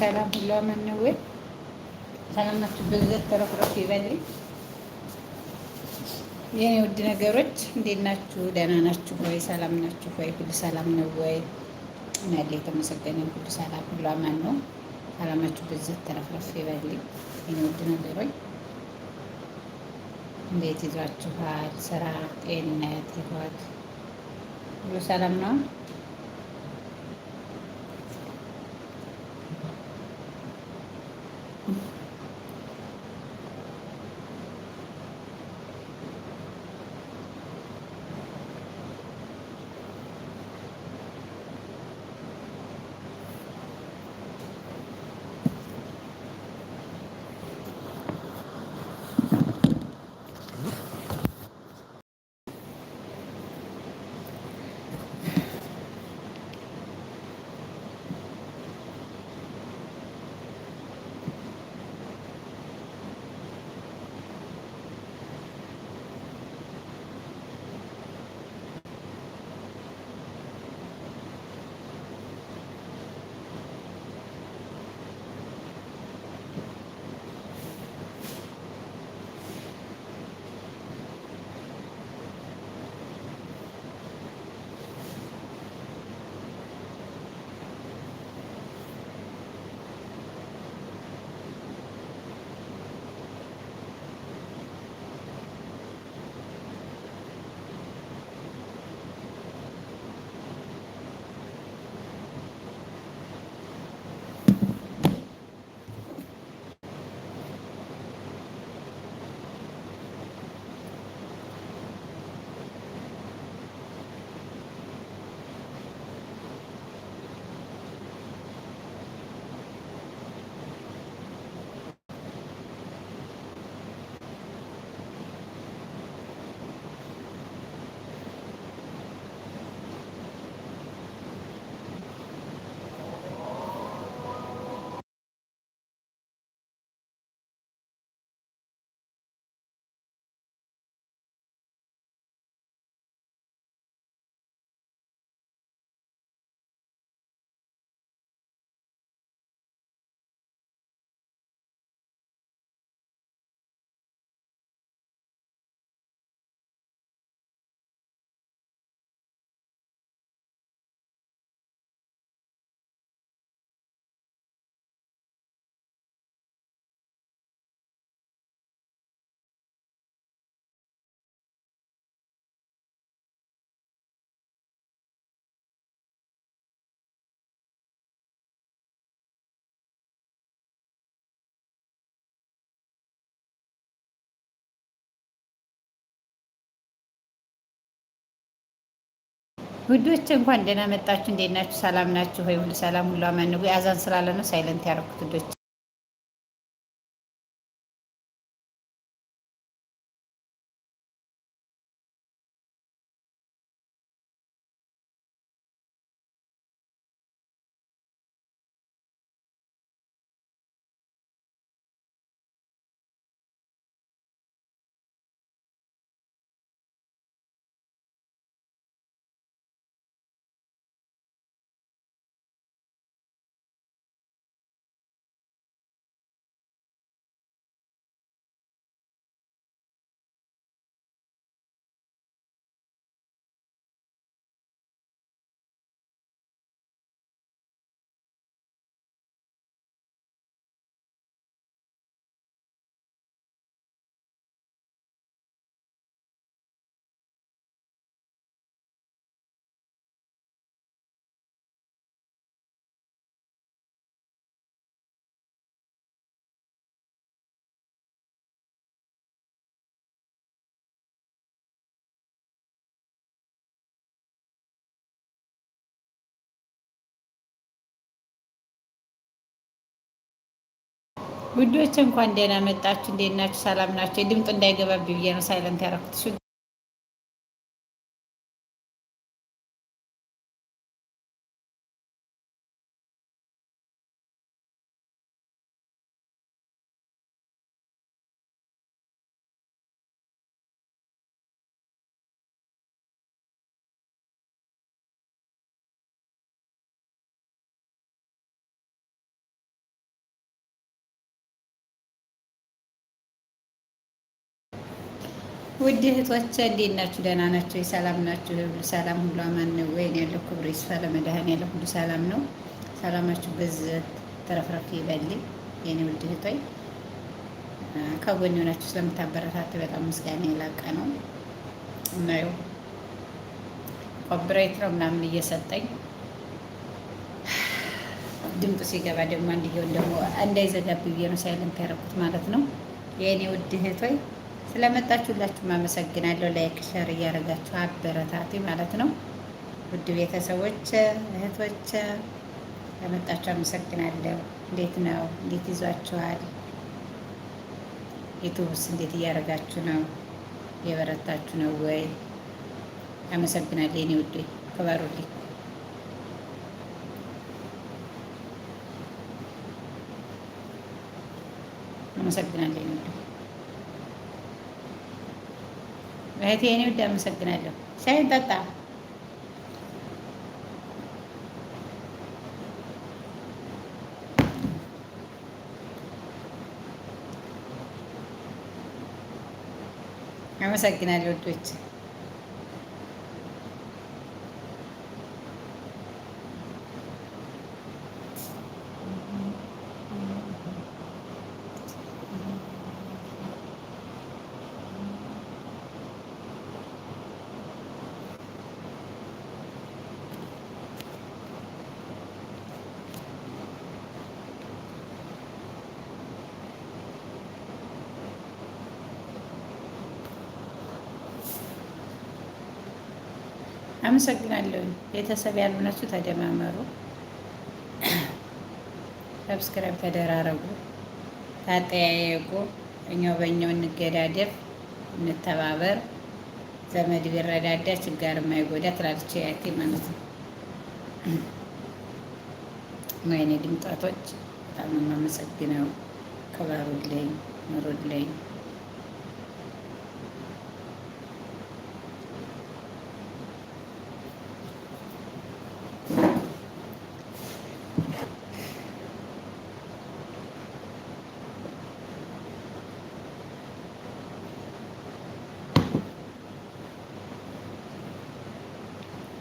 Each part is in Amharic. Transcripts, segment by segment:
ሰላም ሁላ መነው ሰላማችሁ በዘት ተረፍረፍ ይበል የኔ ውድ ነገሮች እንዴት ናችሁ? ደህና ናችሁ ወይ? ሰላም ናችሁ ወይ? ሁሉ ሰላም ነው ወይ? ያለ የተመሰገነ ሁሉ ሰላም ሁሉ አማን ነው። ሰላማችሁ በዘት ተረፍረፍ ይበል የኔ ውድ ነገሮች እንዴት ይዟችኋል? ስራ፣ ጤንነት፣ ህይወት ሁሉ ሰላም ነው? ውዶች እንኳን ደህና መጣችሁ። እንዴት ናችሁ? ሰላም ናችሁ ሆይ ሁሉ ሰላም፣ ሁሉ አማን ነው? አዛን ስላለ ነው ሳይለንት ያደረኩት ውዶች። ውዶች እንኳን ደህና መጣችሁ። እንዴት ናችሁ? ሰላም ናቸው። ድምፅ እንዳይገባብኝ ብዬ ነው ሳይለንት ያደረኩት። ውድ እህቶቼ እንዴት ናችሁ? ደህና ናችሁ? የሰላም ናችሁ? ሁሉ ሰላም ሁሉ አማን ነው ወይን ያለው ክብሩ ይስፋ ለመድኃኔዓለም ሁሉ ሰላም ነው። ሰላማችሁ በዝ ተረፍረፍ ይበልኝ የኔ ውድ እህቶይ ከጎን ሆናችሁ ስለምታበረታት በጣም ምስጋና የላቀ ነው እና ያው ኮፒራይት ነው ምናምን እየሰጠኝ ድምፁ ሲገባ ደግሞ አንድ ሆን ደግሞ እንዳይዘጋብ ብዬ ነው ሳይለንት ያደረኩት ማለት ነው የእኔ ውድ እህቶይ ስለመጣችሁላችሁ አመሰግናለሁ። ላይክ ሸር እያደረጋችሁ አበረታቴ ማለት ነው። ውድ ቤተሰቦች እህቶች ለመጣችሁ አመሰግናለሁ። እንዴት ነው? እንዴት ይዟችኋል? ዩቱብስ እንዴት እያደረጋችሁ ነው? እየበረታችሁ ነው ወይ? አመሰግናለሁ። የኔ ውዴ ክበሩልኝ። አመሰግናለሁ የኔ ውዴ እህቴ የኔ ውድ አመሰግናለሁ። ሻይን ጠጣ። አመሰግናለሁ ውዶች። አመሰግናለሁ። ቤተሰብ ያልሆናችሁ ተደማመሩ፣ ሰብስክራይብ ተደራረጉ፣ ታጠያየቁ። እኛው በእኛው እንገዳደፍ፣ እንተባበር። ዘመድ ቢረዳዳ ችጋር የማይጎዳ ትላለች ያቴ ማለት ነው። ወይኔ ድምጣቶች በጣም የማመሰግነው። ክበሩልኝ፣ ኑሩልኝ።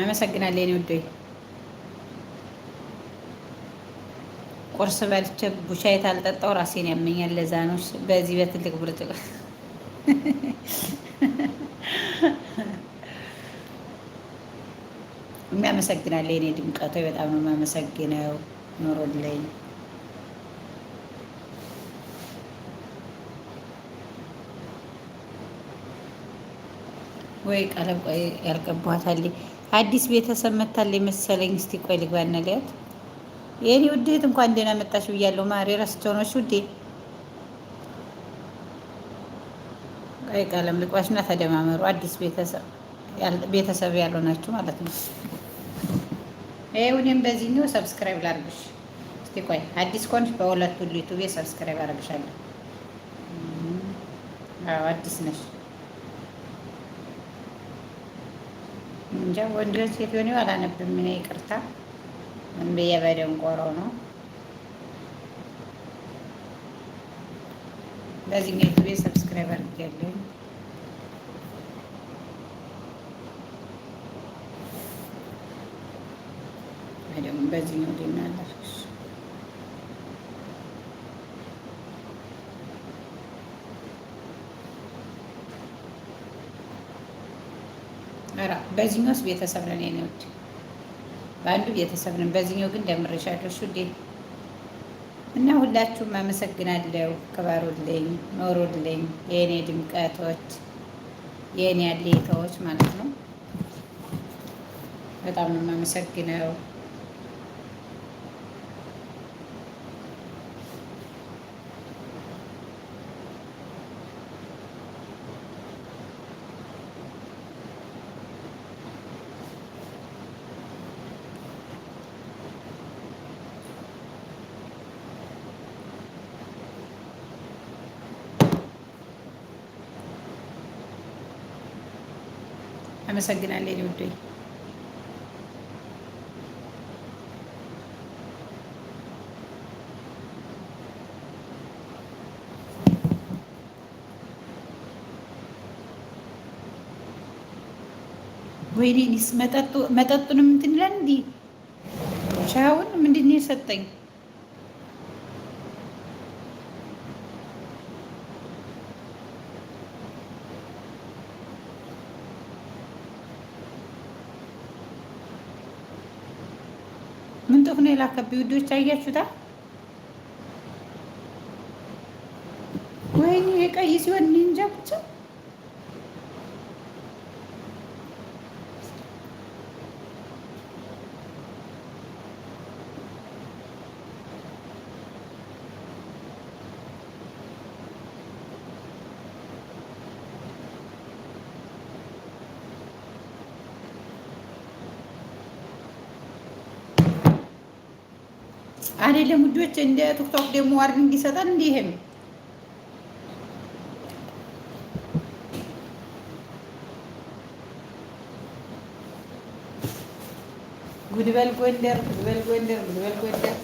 አመሰግናለሁ እኔ ወደይ ቁርስ በልቼ ቡሻዬ ታልጠጣው ራሴን ያመኛል። ለዛ ነው በዚህ በትልቅ ብርጭቆ የሚያመሰግናለሁ እኔ ድምቀቶ በጣም ነው የሚያመሰግነው። ኖሮልኝ ወይ ቀለም ያልቀባታል አዲስ ቤተሰብ መታል የመሰለኝ። እስቲ ቆይ ልግባና ሊያት የኔ ውዴት እንኳን ደህና መጣሽ ብያለሁ። ማሬ ረስቼው ነሽ ውዴ። ቀይ ቀለም ልቅባሽና ተደማመሩ። አዲስ ቤተሰብ ያለው ናችሁ ማለት ነው። በዚህ ነው። ሰብስክራይብ ላርግሽ። እስቲ ቆይ አዲስ ኮንሽ በሁለቱ ዩቲዩብ ሰብስክራይብ አርግሻለሁ። አዲስ ነሽ እንጃ ወንድ ሴት ሆኔ አላነብም። እኔ ይቅርታ እንብዬ በደንቆሮ ነው። በዚህ ጊዜ ሰብስክራይብ አድርጌልኝ በደንብ በዚህ ነው ድናለሁ በዚህኛውስ ቤተሰብ ነን የኔ ውድ፣ በአንዱ ቤተሰብ ነን። በዚህኛው ግን ደምሬሻለሁ። እሺ ውዴ እና ሁላችሁም አመሰግናለሁ። ክበሩልኝ፣ ኖሩልኝ፣ የእኔ ድምቀቶች፣ የእኔ አሌታዎች ማለት ነው። በጣም ነው የማመሰግነው። አመሰግናለሁ ውዶዬ። ወይኔ መጠጡንም እንትን ይላል እንዲህ ሻዩን ምንድን ነው የሰጠኝ? የላከብኝ ውዶች፣ አያችሁታ። ወይኔ የቀይ ሲሆን እንጃ ብቻ ani le mu duet cen de tuk tok de mu war ngi satan hem gudewel gwender gudewel gwender gudewel gwender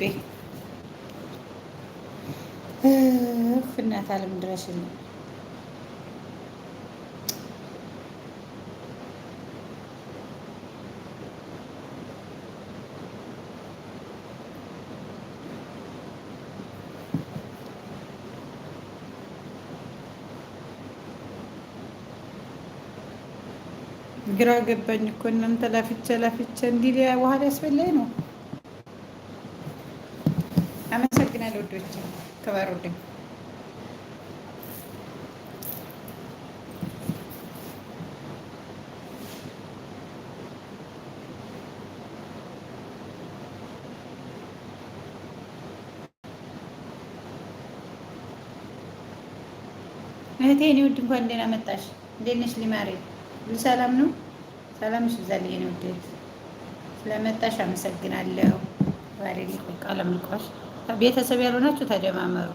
ini, እናት አለም ድረሽልኝ። ግራ ገባኝ እኮ እናንተ ላፍቼ ላፍቼ እንዲህ በኋላ ያስበላኝ ነው። አመሰግናለሁ ወዶቼ። ተባሩልኝ። እህቴ እኔ ውድ እንኳን ደህና መጣሽ። እንዴት ነሽ ሊማሬ? ሰላም ነው? ሰላምሽ ብዛልኝ። እኔ ውድ ስለመጣሽ አመሰግናለሁ። ባሬ ቃለ ምልኳሽ ቤተሰብ ያልሆናችሁ ተደማመሩ።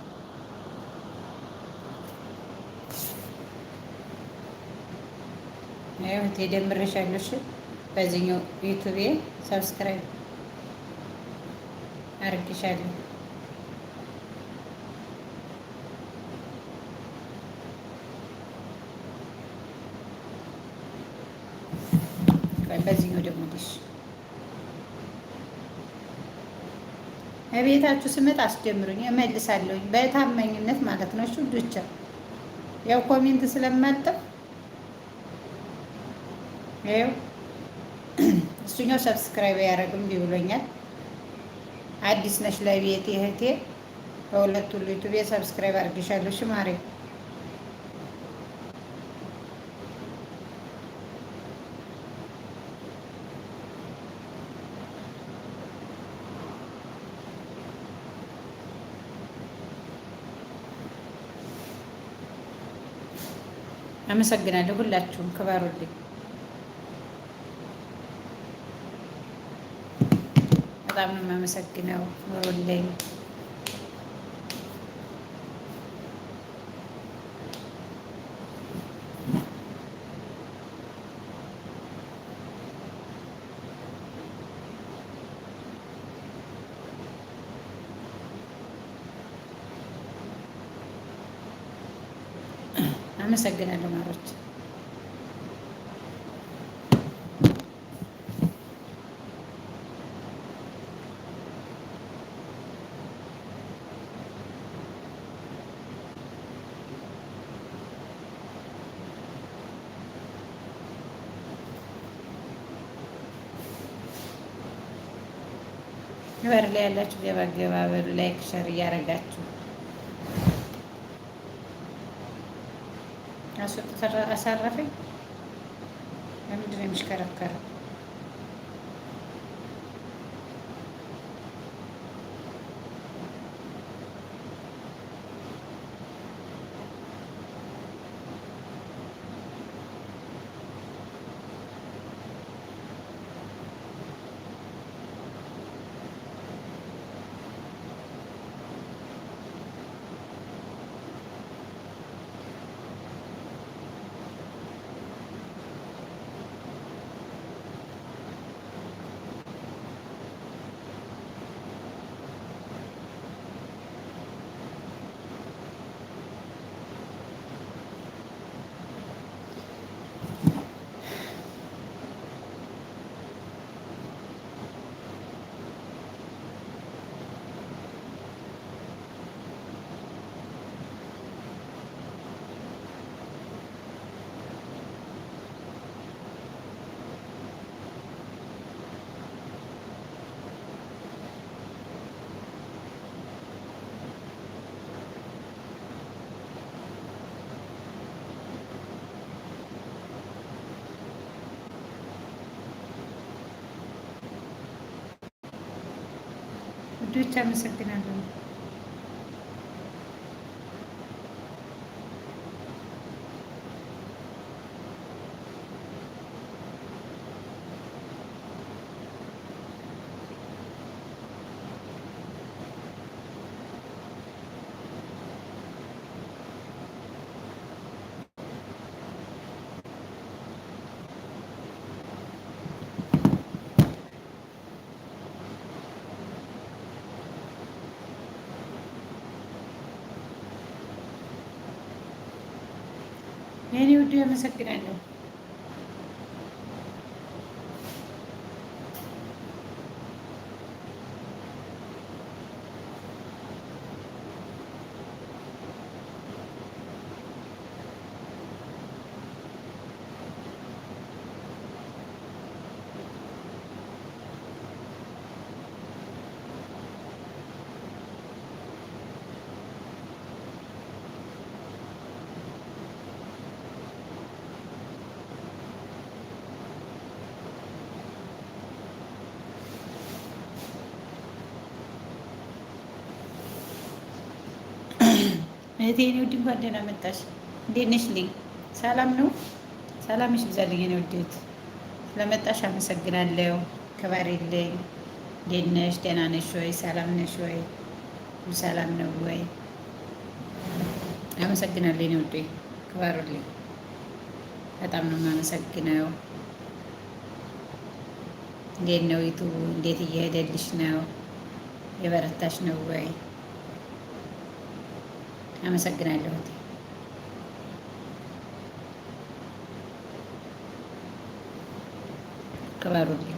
ይኸውት በዚህኛው ዩቱቤ ሰብስክራይብ አርግሻለሁ። ቤታችሁ ስመጣ አስጀምሩኝ፣ እመልሳለሁኝ በታማኝነት ማለት ነው። እሺ ውዶቼ፣ ያው ኮሜንት ስለማልጥፍ ይኸው እሱኛው ሰብስክራይብ ያደረግም ቢብሎኛል። አዲስ ነሽ ለቤት እህቴ፣ በሁለቱ ዩቱቤ ሰብስክራይብ አድርጌሻለሁ። እሺ አመሰግናለሁ። ሁላችሁም ክበሩልኝ። በጣም ነው የማመሰግነው። ኑሩልኝ። አመሰግናለሁ ማሮች። በር ላይ ያላችሁ ገባ ገባ በሉ ላይክ ሸር እያደረጋችሁ አሳረፈኝ። ለምንድን ነው የሚሽከረከረው? YouTube channel የኔ ውድ ያመሰግናለሁ። እህቴ የኔ ውድ እንኳን መጣሽ። እንዴት ነሽ? ልኝ ሰላም ነው። ሰላምሽ ብዛልኝ የኔ ውዴት። ስለመጣሽ አመሰግናለሁ። ክበሪልኝ። እንዴት ነሽ? ደህና ነሽ ወይ? ሰላም ነሽ ወይ? ሰላም ነው ወይ? አመሰግናለሁ የኔ ውዴ፣ ክበሩልኝ። በጣም ነው የማመሰግነው። እንዴት ነው ይቱ? እንዴት እየሄደልሽ ነው? የበረታሽ ነው ወይ? አመሰግናለሁ። ክበሩልኝ።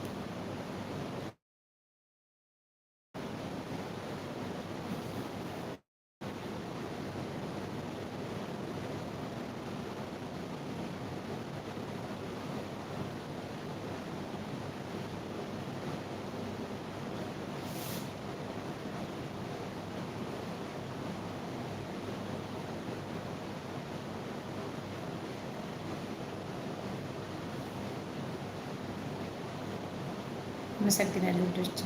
አመሰግናለሁ ልጆች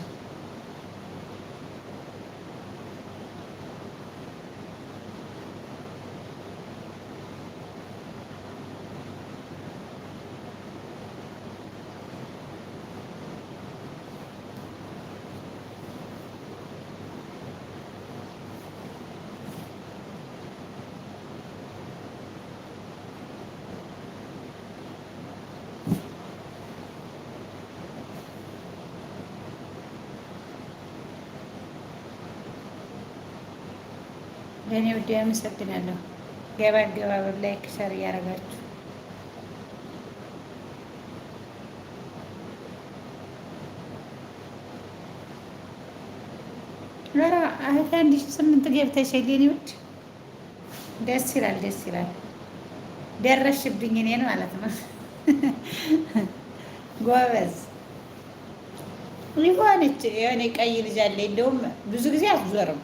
ለእኔ ውድ አመሰግናለሁ። ገባ ገባ ላይ ክሰር እያደረጋችሁ ኧረ እህቴ አንድ ሺህ ስምንት ገብተሽ የለኝ ውድ ደስ ይላል፣ ደስ ይላል። ደረሽብኝ እኔን ማለት ነው። ጎበዝ ይሆነች የሆነ ቀይ ልጅ አለ። እንደውም ብዙ ጊዜ አትዞርም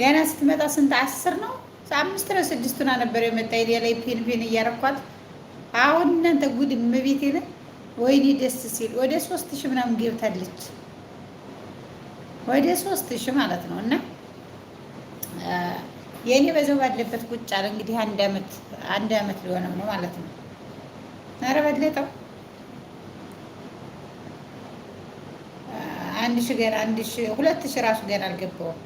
ገና ስትመጣ ስንት አስር ነው አምስት ነው ስድስቱና ነበር የመጣ ላይ ፔን ፔን እያረኳት አሁን እናንተ ጉድ ምቤቴ ነው። ወይኔ ደስ ሲል ወደ ሶስት ሺህ ምናምን ገብታለች ወደ ሶስት ሺህ ማለት ነው። እና የእኔ በዛው ባለበት ቁጭ አለ እንግዲህ አንድ አመት አንድ አመት ሊሆነው ነው ማለት ነው። ኧረ በለጠው አንድ ሺህ ገና አንድ ሺህ ሁለት ሺህ ራሱ ገና አልገባውም።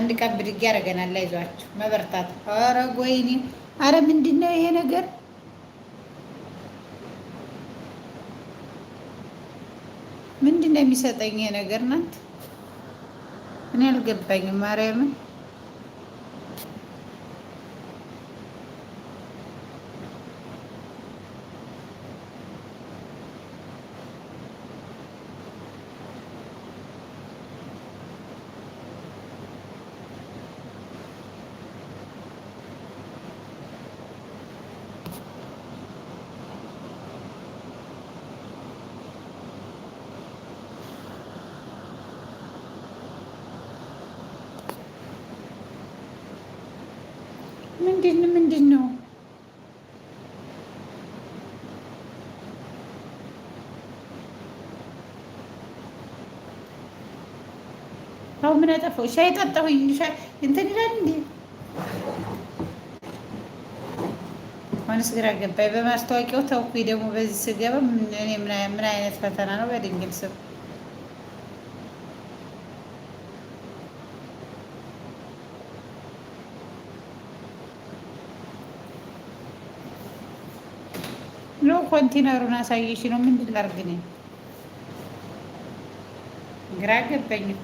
አንድ ቀን ብድግ ያደርገናል። አይዟችሁ መበርታት። ኧረ ወይኔ! ኧረ ምንድን ነው ይሄ ነገር? ምንድን ነው የሚሰጠኝ ይሄ ነገር? ናት እኔ አልገባኝም ማርያምን ምንድን ምንድን ነው? አሁን ምን አጠፋው? ሻይ ጠጣሁኝ። ሻይ እንትን ይላል እንዴ? አሁንስ ግራ ገባኝ። በማስታወቂያው ተውኩኝ። ደግሞ በዚህ ስገባ ምን አይነት ፈተና ነው በድንግል ስም No, Juan tiene una si no me entiendes, Gracias,